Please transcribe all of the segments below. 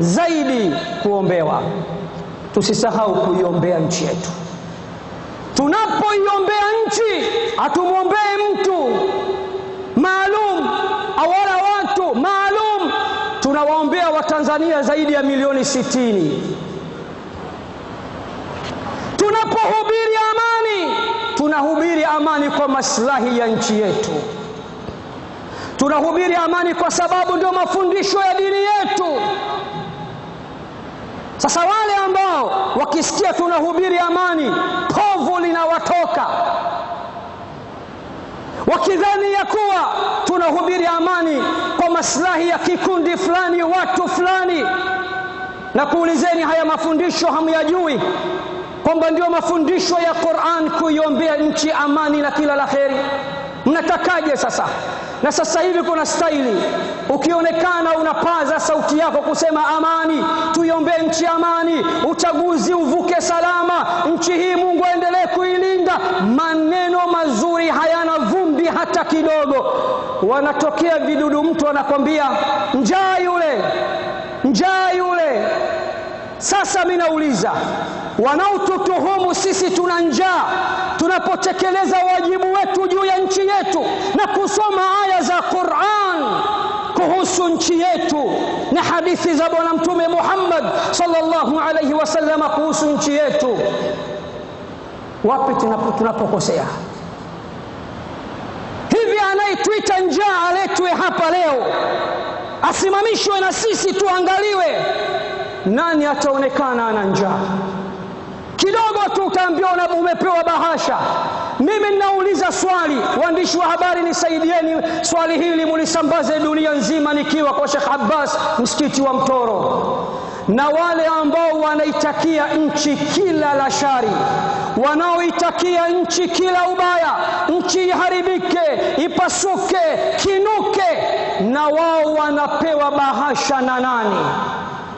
zaidi kuombewa. Tusisahau kuiombea nchi yetu. Tunapoiombea nchi, hatumwombee mtu maalum awala watu maalum. Tunawaombea Watanzania zaidi ya milioni sitini. Tunapohubiri amani, tunahubiri amani kwa maslahi ya nchi yetu. Tunahubiri amani kwa sababu ndio mafundisho ya dini yetu. Sasa wale ambao wakisikia tunahubiri amani, povu linawatoka wakidhani ya kuwa tunahubiri amani kwa maslahi ya kikundi fulani, watu fulani. Na kuulizeni, haya mafundisho hamyajui kwamba ndio mafundisho ya Qur'an kuiombea nchi amani na kila la kheri? Mnatakaje sasa na sasa hivi kuna staili ukionekana unapaza sauti yako kusema amani tuiombee nchi amani uchaguzi uvuke salama nchi hii Mungu aendelee kuilinda maneno mazuri hayana vumbi hata kidogo wanatokea vidudu mtu anakwambia njaa yule njaa yule sasa mimi nauliza wanaotutuhumu sisi tunapotekeleza wajibu wetu juu ya nchi yetu na kusoma aya za Qur'an kuhusu nchi yetu na hadithi za bwana mtume Muhammad sallallahu alayhi wasallam kuhusu nchi yetu wapi tunapokosea hivi anayetuita njaa aletwe hapa leo asimamishwe na sisi tuangaliwe nani ataonekana ana njaa kidogo tu utaambiwa umepewa bahasha. Mimi ninauliza swali, waandishi wa habari, nisaidieni swali hili mulisambaze dunia nzima, nikiwa kwa Sheikh Abbas msikiti wa Mtoro na wale ambao wanaitakia nchi kila la shari, wanaoitakia nchi kila ubaya, nchi iharibike, ipasuke, kinuke, na wao wanapewa bahasha na nani?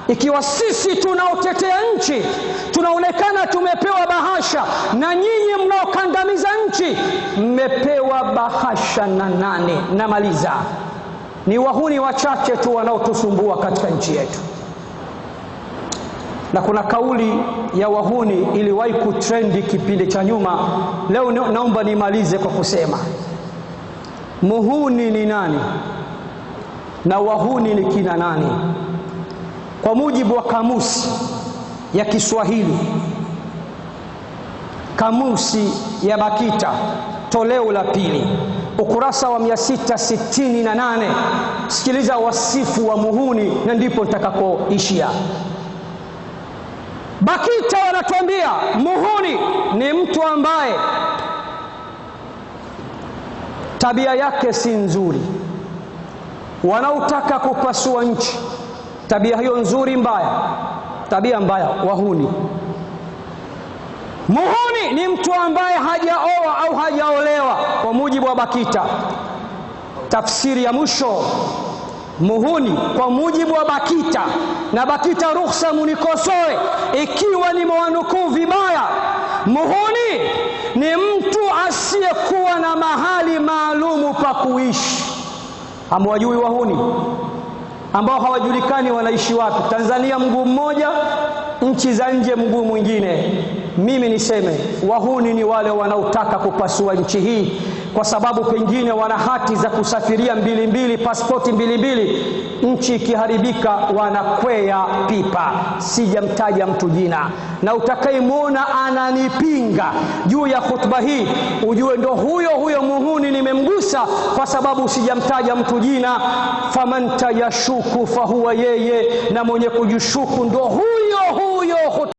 Ikiwa sisi tunaotetea nchi tunaonekana bahasha, na nyinyi mnaokandamiza nchi mmepewa bahasha na nane. Namaliza, ni wahuni wachache tu wanaotusumbua katika nchi yetu, na kuna kauli ya wahuni iliwahi kutrendi kipindi cha nyuma. Leo naomba nimalize kwa kusema muhuni ni nani na wahuni ni kina nani? Kwa mujibu wa kamusi ya Kiswahili Kamusi ya BAKITA toleo la pili ukurasa wa 668. Sikiliza wasifu wa muhuni na ndipo nitakapoishia. BAKITA wanatuambia muhuni ni mtu ambaye tabia yake si nzuri, wanaotaka kupasua nchi, tabia hiyo nzuri mbaya, tabia mbaya, wahuni muhuni Muhuni yaani, ni mtu ambaye hajaoa au hajaolewa kwa mujibu wa BAKITA. Tafsiri ya mwisho muhuni kwa mujibu wa BAKITA na BAKITA ruhusa munikosoe ikiwa nimewanukuu vibaya. Muhuni ni mtu asiyekuwa na mahali maalumu pa kuishi. Hamwajui wahuni ambao hawajulikani wanaishi wapi? Tanzania mguu mmoja, nchi za nje mguu mwingine mimi niseme wahuni ni wale wanaotaka kupasua nchi hii, kwa sababu pengine wana hati za kusafiria mbili mbili, pasipoti mbili mbili. Nchi ikiharibika wanakwea pipa. Sijamtaja mtu jina, na utakayemwona ananipinga juu ya hotuba hii ujue ndo huyo huyo muhuni nimemgusa, kwa sababu sijamtaja mtu jina. famanta yashuku fahuwa yeye, na mwenye kujishuku ndo huyo huyo.